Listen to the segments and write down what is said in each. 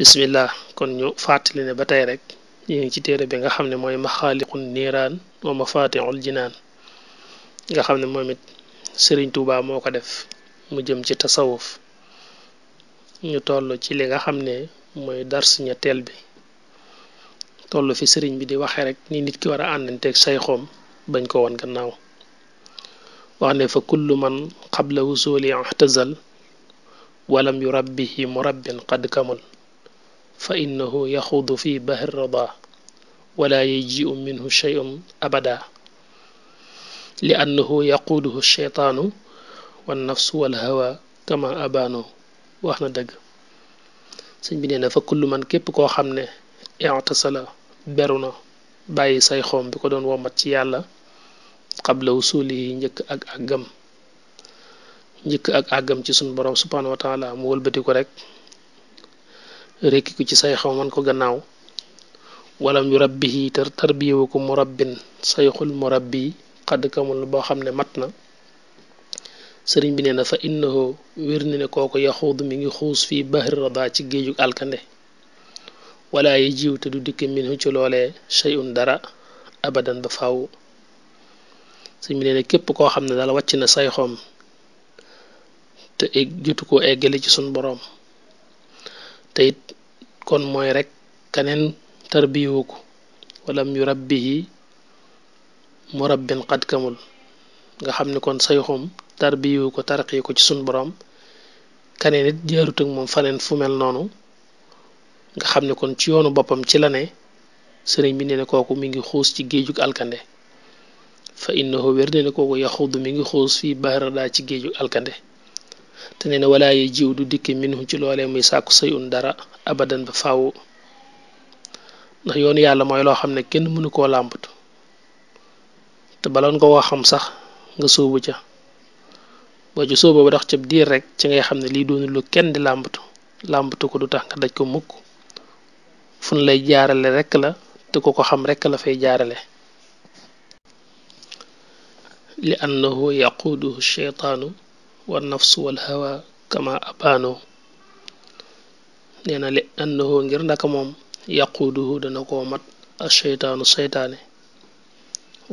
bismillah kon ñu fàttali ne ba tey rek ñu ngi ci téere bi nga xam ne mooy maxaaliqun niiraan wa mafatixul jinaan nga xam ne moom it sëriñ Tuubaa moo ko def mu jëm ci tasawuf ñu toll ci li nga xam ne mooy dars ñetteel bi tollu fi sëriñ bi di waxe rek ni nit ki war a àndanteeg say xoom bañ ko woon gannaaw wax ne fa kullu man qabla wusuli ihtazal walam yurabbihi murabbin qad kamul fa innahu yaxudu fi bahri rida wala yajiu minhu sheyun abada li annahu yaquuduhu sheytaanu wan nafsu wal hawa kama abaano wax na dëgg sëñ bi nee fa kullu man képp koo xam ne i'tasala beru na bàyyi say xoom bi ko doon womat ci yàlla xabla wusuli yi njëkk ak àggam njëkk ak àggam ci sunu borom subhanahu wa mu wëlbati ko rek rekki ku ci say xaw man ko gannaaw walam yu rabbihi tar tarbiyewu ko murabbin sayxul murabbi xadd kamul boo xam ne mat na sëriñ bi nee na fa innahu wér ni ne kooku yaxuud mi ngi xuus fii bahri rada ci géejug alkande wala yi jiw te du dikk minhu ci loolee shay'un dara abadan ba faw sëriñ bi nee képp koo xam ne daal wàcc na sayxoom te egg jotu koo eggale ci sun boroom te kon mooy rekk kaneen tarbiyewu ko walam yu rabbihi mu rabbin xad kamul nga xam ne kon sayxum tarbiyewu ko tarqiyi ko ci sun boroom kaneen it jaarut ak moom faneen fu mel noonu nga xam ne kon ci yoonu boppam ci la ne sëriñ bi nee kooku mi ngi xuus ci géejug alkande fa innahu wér ne kooku yaxudu mi ngi xuus fii bahrada ci géejug alkande te nee na jiw du dikki minhu ci loolee muy sàkku say un dara abadan ba faaw ndax yoonu yàlla mooy loo xam ne kenn mënu koo làmbatu te baloon nga koo xam sax nga suubu ca boo ci sóobu ba dox ca diir rek ci ngay xam ne lii doonu lu kenn di làmbatu làmbatu ko du tax nga daj ko mukk fun lay jaarale rekk la te ku ko xam rekk la fay jaarale li annahu yaquuduhu sheytaanu wannafsu wal hawa kama abaano neena li annahu ngir ndaka moom yaquuduhu dana koo mat asheytaanu seytaane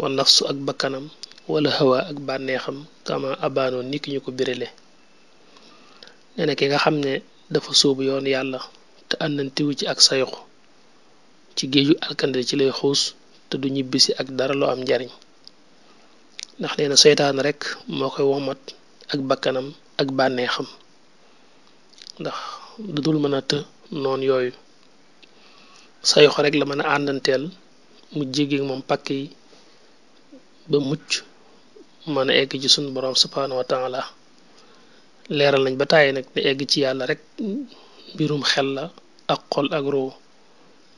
wannafsu ak bakkanam wala hawa ak bànneexam kama abaano ni ki ñu ko birile neena ki nga xam ne dafa sóobu yoon yàlla te àndantiwu ci ak sayxu ci géeju alkande ci lay xuus te du ñibbisi ak dara lu am njariñ ndax nee na rekk moo koy womat ak bakkanam ak bànneexam ndax du mën a të noon yooyu sa yoxo rek la mën a àndanteel mu jéggi moom pakk yi ba mucc mën a egg ci sunu borom subhaanahu wa la leeral nañ ba tàyyi nag ne egg ci yàlla rek mbirum xel la ak xol ak roo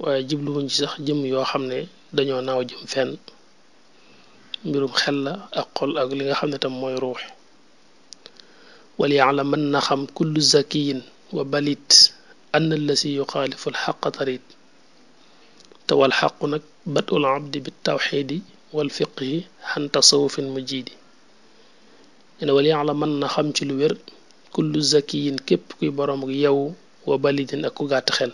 waaye jibluwuñ ci sax jëm yoo xam ne dañoo naaw jëm fenn mbirum xel la ak xol ak li nga xam ne tam mooy ruux wal yaalam mën na xam kullu zakiyin wa balit ann allasi yuxaalifu alxaqa tarit te wal nag batul abdi bi tawxiidi wal fiqhi xan tasawufin mu jiidi ne wal yaalam mën na xam ci lu wér kullu zakiyin képp kuy boroom ak yow wa balitin ak ku gàtt xel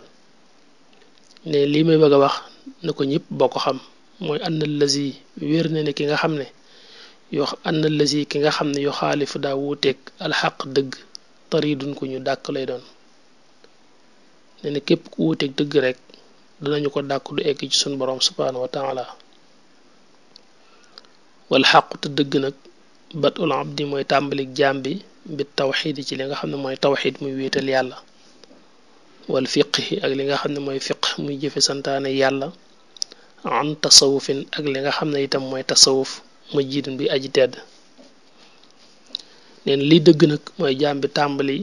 ne lii may bëgg a wax na ko ñëpp boo ko xam mooy ann allazi wér na ne ki nga xam ne yoo anna lësi ki nga xam ne yu xaalifu daa wuuteeg alxaq dëgg taridun ku ñu dàkk lay doon nee na képp ku wuuteeg dëgg rek danañu ko dàkk du egg ci sunu borom subhaanahu wa taala wal xaqu dëgg nag bat ul abdi mooy tàmbalik jaam bi bi tawxid ci li nga xam ne mooy tawxid muy wéetal yàlla wal fiqhi ak li nga xam ne mooy fiq muy jëfe santaane yàlla an tasawufin ak li nga xam ne itam mooy tasawuf majidun bi aji tedd neen liy dëgg nag mooy jaam bi tàmbali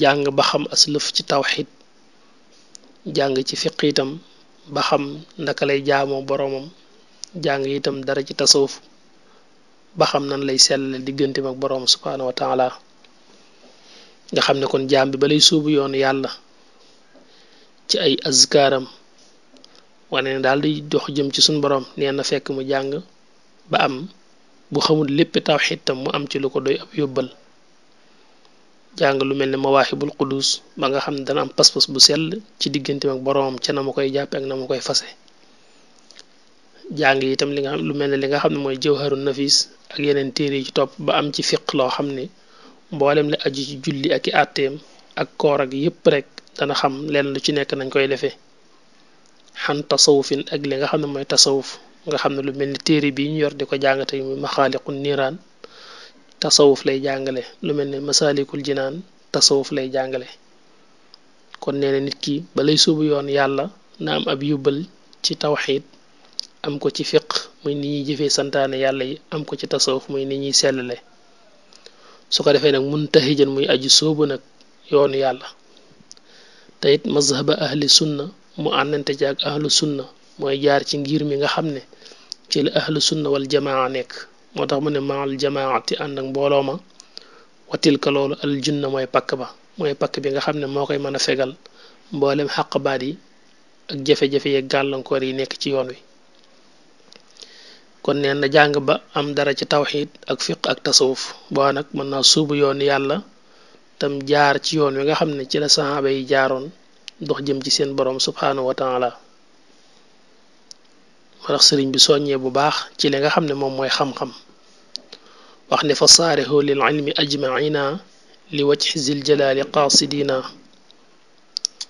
jàng ba xam aslëf ci tawxiit jàng ci fiq itam ba xam ndaka lay jaamoo boroomam jàng yitam dara ci tasawuf ba xam nan lay sellale digganteem ak boroom subhaanahu wa taala nga xam ne kon jaam bi balay suubu yoon yàlla ci ay azkaaram wane ne daal di dox jëm ci suñu borom nee na fekk mu jàng ba am bu xamul lépp tawxiid mu am ci lu ko doy ab yóbbal jàng lu mel ne mawaaxibul quddus ba nga xam ne dana am pas-pas bu sell ci digganteem ak boroomam ca na ma koy jàppe ak na ma koy fase jàng itam li nga xam lu mel ne li nga xam ne mooy jawharu nafis ak yeneen téere yi ci topp ba am ci fiq loo xam ne mboolem li aju ci julli ak i àtteem ak koor ak yépp rek dana xam leen lu ci nekk nañ koy defee xan tasawufin ak li nga xam ne mooy tasawuf nga xam ne lu mel ni téere bi ñu yor di ko jàngate muy maxaaliqul niiraan tasawuf lay jàngale lu mel ni masaalikul jinaan tasawuf lay jàngale kon nee na nit ki balay suubu yoon yàlla na ab yubal ci tawxiid am ko ci fiq muy ni ñuy jëfee santaane yàlla yi am ko ci tasawuf muy ni ñuy sellale su ko defee nag mun taxijan muy aju suubu nag yoon yàlla te mazhaba ahli sunna mu àndante ci ak ahlu sunna mooy jaar ci ngir mi nga xam ne ci la ahlu sunna wal jamaa nekk moo tax mu ne maal jamaati ànd ak mbooloo ma watil ka loolu al junna mooy pakk ba mooy pakk bi nga xam ne moo koy mën a fegal mboolem xaq baat yi ak jafe-jafe yeeg gàllankoor yi nekk ci yoon wi kon neen na jàng ba am dara ci tawxiid ak fiq ak tasawuf boo nag mën naa suubu yoon yàlla tam jaar ci yoon wi nga xam ne ci la ba yi jaaroon dox jëm ci seen boroom subhaanahu wa taala ma sëriñ bi soññee bu baax ci li nga xam ne moom mooy xam-xam wax ne fa saare saarihu lil ilmi ajmaina li wajhi zil jalaali qaasidina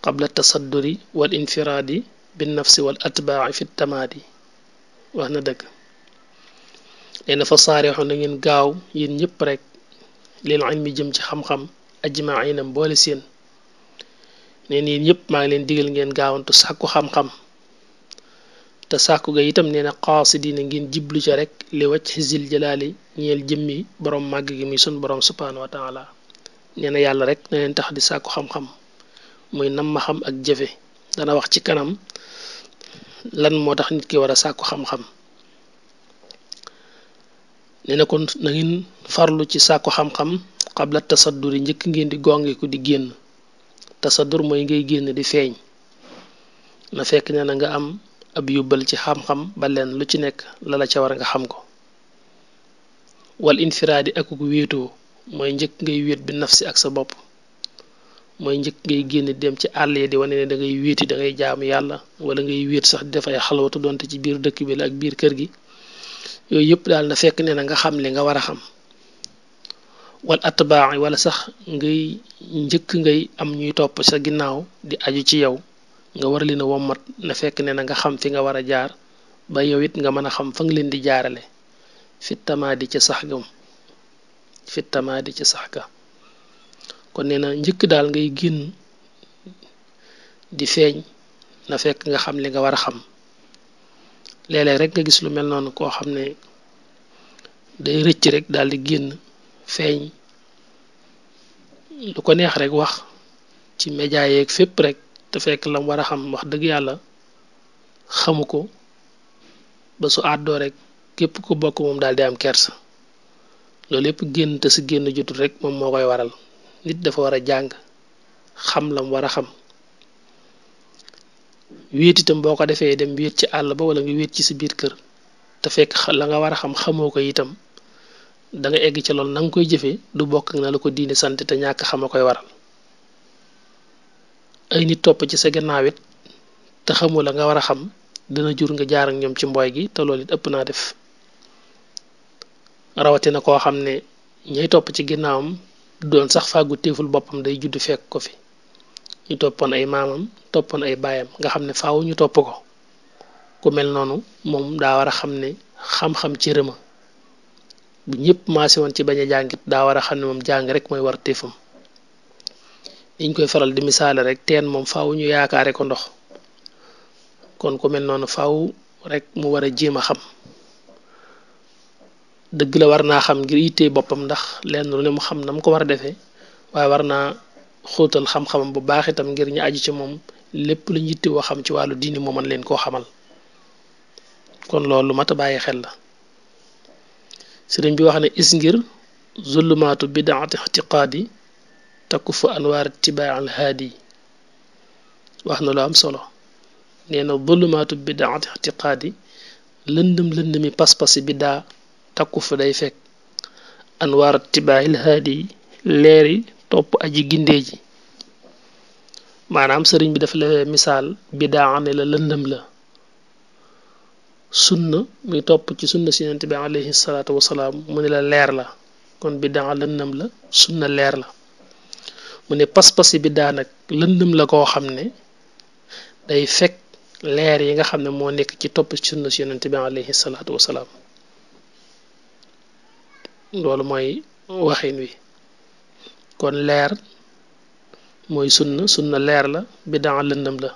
qabla tasadduri wal infiraadi bin nafsi wal atbaaci fi tamaadi wax na dëgg nee na fa saarixu na ngeen gaaw yin ñëpp rek lil ilmi jëm ci xam-xam ajmaina mboole seen neen yéen yëpp maa ngi leen digal ngeen gaawantu sàkku xam-xam te sàkku ga itam nee na xaasi dina ngeen jiblu ca rek li wacc zil jalaali ñeel jëmmi borom màgg gi muy sun borom subhanahu wa taala nee na yàlla rek na leen tax di sàkku xam-xam muy nam ma xam ak jëfe dana wax ci kanam lan moo tax nit ki war a sàkku xam-xam nee kon na ngeen farlu ci sàkku xam-xam xabla tasadduri njëkk ngeen di gongeku di génn tasadur mooy ngay génn di feeñ na fekk ne na nga am ab yubal ci xam-xam ba leen lu ci nekk lala ca war nga xam ko wal infiraadi ak ku wéetoo mooy njëkk ngay wéet bi nafsi ak sa bopp mooy njëkk ngay génn dem ci àll yi di wane ne dangay ngay wéeti da ngay jaamu yàlla wala ngay wéet sax di def ay xalwatu ci biir dëkk bi la ak biir kër gi yooyu yëpp daal na fekk ne na nga xam li nga war a xam wal atbaaxi wala sax ngay njëkk ngay am ñuy topp sa ginnaaw di aju ci yow nga war leen a wommat na fekk ne na nga xam fi nga war a jaar ba yow it nga mën a xam fa nga leen di jaarale fittamaadi ci sax gam fittamaadi ci sax ga kon nee na njëkk daal ngay génn di feeñ na fekk nga xam li nga war a xam léeg-léeg rek nga gis lu mel noonu koo xam ne day rëcc rek daal di génn feeñ lu ko neex rek wax ci média yeeg fépp rek te fekk lam war a xam wax dëgg yàlla xamu ko ba su àddoo rek képp ku bokk moom daal di am kersa loolu yépp génn te génn jotul rek moom moo koy waral nit dafa war a jàng xam lam war a xam wéet boo ko defee dem wéet ci àll ba wala ci sa biir kër te fekk la nga war a xam xamoo ko itam danga egg ci loolu na nga koy jëfee du bokk na la ko diine sant te ñàkk xam a koy waral ay nit topp ci sa gannaaw it te xamoo la nga war a xam dana jur nga jaaral ak ñoom ci mbooy gi te lool it ëpp naa def rawatina koo xam ne ñay topp ci ginnaawam doon sax faagu téeful boppam day juddu fekk ko fi ñu toppoon ay maamam toppoon ay baayam nga xam ne faaw ñu topp ko ku mel noonu moom daa war a xam ne xam-xam ci rëma bu ñëpp maase woon ci bañ a jàngit daa war a xam ne moom jàng rek mooy war téefam liñ koy faral di misaale rek teen moom faaw ñu yaakaare ko ndox kon ku mel noonu faw rek mu war a jéem a xam dëgg la war naa xam ngir ittee boppam ndax lenn lu ne mu xam na mu ko war a defee waaye war naa xóotal xam-xamam bu baax itam ngir ñu aju ci moom lépp lu ñu ittewoo xam ci wàllu diini moo mën leen koo xamal kon loolu mat a bàyyi xel la. sëriñ bi wax na is ngir zullumaatu bidaati ixtiqaadi takku fa anwaar tibaa al wax na lu am solo nee na zullumaatu bidaati ixtiqaadi lëndëm lëndëmi pas-pasi bidaa takku fa day fekk anwaar tibaa al leeri topp aji gindee maanaam sëriñ bi dafa la misaal bidaa ne la lëndëm la sunna muy topp ci sunna si yonent bi alayhi salaatu wasalaam mu ne la leer la kon biddaa lëndëm la sunna leer la mu ne pas-pasi biddaa nag lëndëm la koo xam ne day fekk leer yi nga xam ne moo nekk ci topp ci sunna si yonent bi alayhi salaatu wasalaam loolu mooy waxin wi kon leer mooy sunna sunna leer la biddaa lëndëm la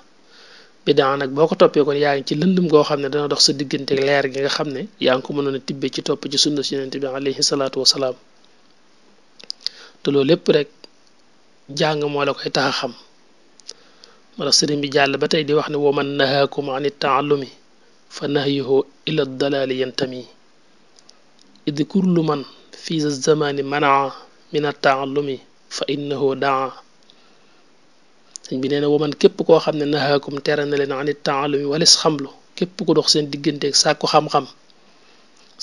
bidaa nag boo ko toppee kon yaa ngi ci lëndum goo xam ne dana dox sa diggante ak leer gi nga xam ne yaa ngi ko mënoon a tibbe ci topp ci sunna si yonent bi alayhi salaatu wasalaam te loolu lépp rek jàng moo la koy tax xam moo tax sëriñ bi jàll ba tey di wax ne woo man nahaakum an taallumi fa nahyuhu ila dalaali yantami id kullu man fi zamani manaa min attaallumi fa innahu daa sëñ bi nee na man képp koo xam ne nahaakum tere na leen anit taalumi walis xamlu képp ko dox seen digganteeg sàkku xam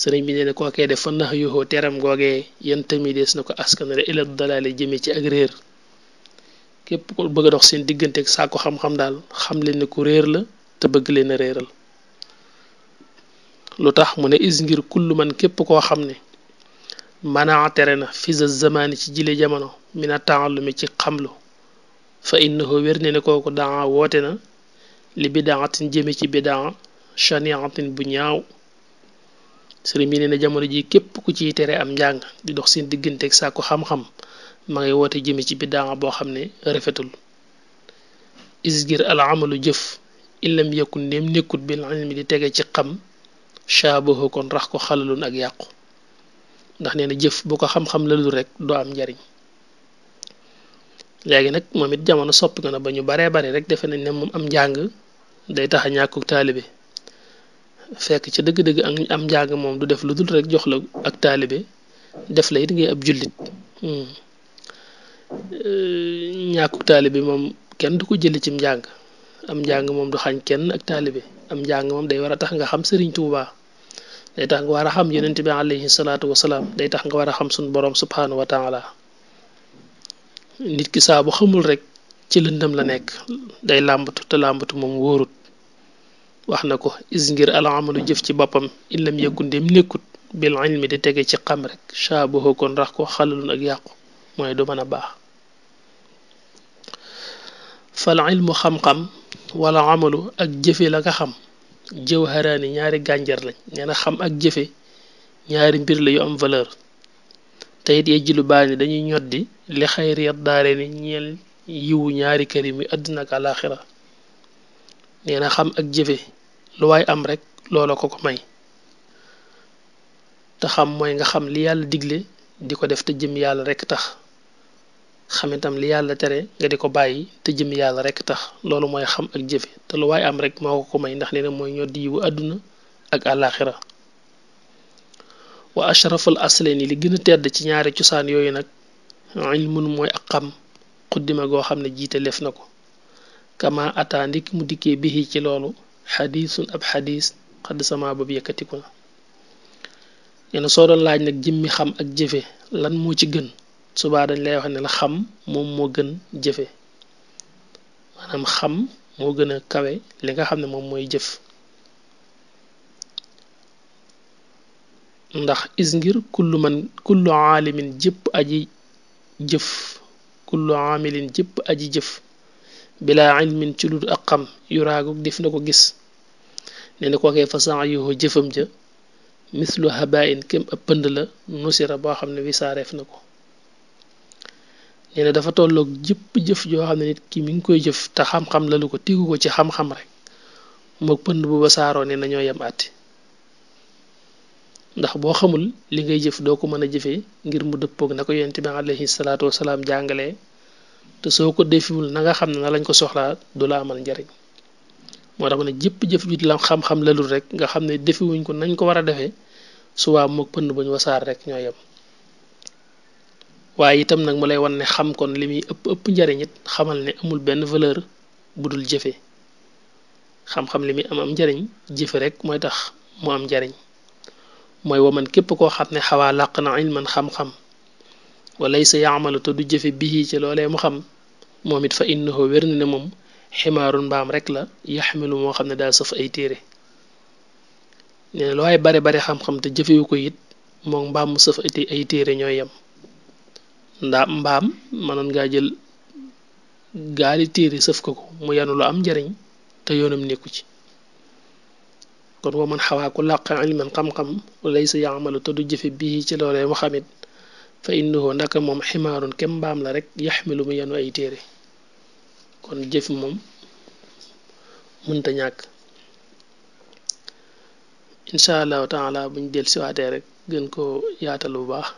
sëriñ bi nee na kookee def fa nax yuhoo teram googee yan na ko askanale ila dalaale jëmee ci ak réer ku bëgg dox seen digganteeg sàkku xam-xam daal xam leen ne ku réer la te bëgg leen a réeral lu tax mu ne is ngir kullu man képp koo xam ne manaa tere na fisa zamani ci jile jamono mina taalumi ci xamlu fa innahu wér ne ne kooku daa woote na li bidaatin jëme ci bidaa chaniatin bu ñaaw sëriñ bi na jamono ji képp ku ciy tere am njàng di dox seen digganteeg sàkku xam-xam ma ngay woote jëme ci bidaa boo xam ne rafetul isgir al amalu jëf illam yakun ndéem nekkut bil ilmi di tege ci xam shaabahu kon rax ko xalalun ak yàqu ndax nee na jëf bu ko xam-xam la dul rek doo am njariñ léegi nag moom it jamono soppi ko na ba ñu baree bari rek defe nañ ne moom am njàng day tax a ñàkku taalibe fekk ci dëgg-dëgg ak am njàng moom du def lu dul rek jox la ak taalibe def la it ngay ab jullit hmm. ñàkku taalibe moom kenn du ko jëli ci njàng am njàng moom du xañ kenn ak taalibe am njàng moom day wara tax nga xam Sëriñ Tuubaa day tax nga war a xam yonent bi alayhi salaatu wasalaam day tax nga war a xam suñu borom subhaanahu wa taala nit ki saa xamul rek ci lëndam la nekk day làmbatu te làmbatu moom wóorut wax na ko is ngir amalu jëf ci boppam in lam yakun dem nekkut bil ilmi di tege ci xam rek saa boo rax ko xalalun ak yàqu mooy du mën a baax fal ilmu xam-xam wala amalu ak jëfe la nga xam jëw xaraani ñaari gànjar lañ nee xam ak jëfe ñaari mbir la yu am valeur te it yejjilu baan yi dañuy ñoddi li xayriyat daare ni ñeel yiwu ñaari kër yi muy àddina ak àlaaxira nee xam ak jëfe lu waay am rek loola ko ko may te xam mooy nga xam li yàlla digle di ko def te jëm yàlla rek tax xam itam li yàlla tere nga di ko bàyyi te jëm yàlla rek tax loolu mooy xam ak jëfe te lu waaye am rek moo ko ko may ndax nee na mooy ñoddi yiwu àdduna ak àllaaxira wa ashraful asleni li gën a tedd ci ñaari cosaan yooyu nag ilmun mooy ak xam xuddima goo xam ne jiite lef na ko kama ataa ndik mu dikkee bihi ci loolu xadiisun ab xadiis xadd sama boobu yëkkatiku na ñene soo doon laaj nag jëmmi xam ak jëfe lan moo ci gën subaa dañ lay wax ne la xam moom moo gën jëfe maanaam xam moo gën a kawe li nga xam ne moom mooy jëf ndax is ngir kullu man kullu aalimin jëpp aji jëf kullu aamilin jëpp aji jëf bilaa ilmin ci lu ak xam yuraagu def na ko gis nee na kookee fa sa'yuhu jëfam ja mislu habain kem ab pënd la nusira boo xam ne wisaareef na ko nee ne dafa tolloog jëpp jëf joo xam ne nit ki mi ngi koy jëf te xam-xam la ko tigu ko ci xam-xam rek mook pënd bu wasaaroo nee na ñoo yem àtti ndax boo xamul li ngay jëf doo ko mën a jëfee ngir mu dëppoog na ko yonent bi alayhi salaatu wasalaam jàngalee te soo ko defiwul na nga xam ne na lañ ko soxlaa du la amal njariñ moo tax mu ne jëpp jëf ju la xam-xam rek nga xam ne defiwuñ ko nañ ko war a defee suwaa moog pënd ba ñu wasaar rek ñoo yem waaye itam nag mu lay wan ne xam kon li muy ëpp ëpp njariñ xamal ne amul benn valeur bu dul jëfe xam-xam li muy am am njariñ jëfe rek mooy tax mu am njariñ mooy waman képp koo xam ne xawaa làq na man xam-xam walay sa yaamalu te du jëfe bihi ci loolee mu xam moom it fa innahu wér na ne moom ximaarun mbaam rek la yaxmilu moo xam ne daal sëf ay téere nee na looy bare bare xam-xam te jëfewu ko it moom mbaam mu sëf ay téere ñooy yem ndaa mbaam mënoon ngaa jël gaali téere sëf ko ko mu yanu lu am njariñ te yoonam nekku ci kon wa man xawaa ku làq ilman xam-xam laysa yaamalu te du jëfe bii ci loolee mu xamit fa innahu ndaka moom ximaaroon kem mbaam la rek yaxmilu mu yenu ay téere kon jëf moom mënta ñàkk incha allahu taala buñ del siwaatee rek gën koo yaatal bu baax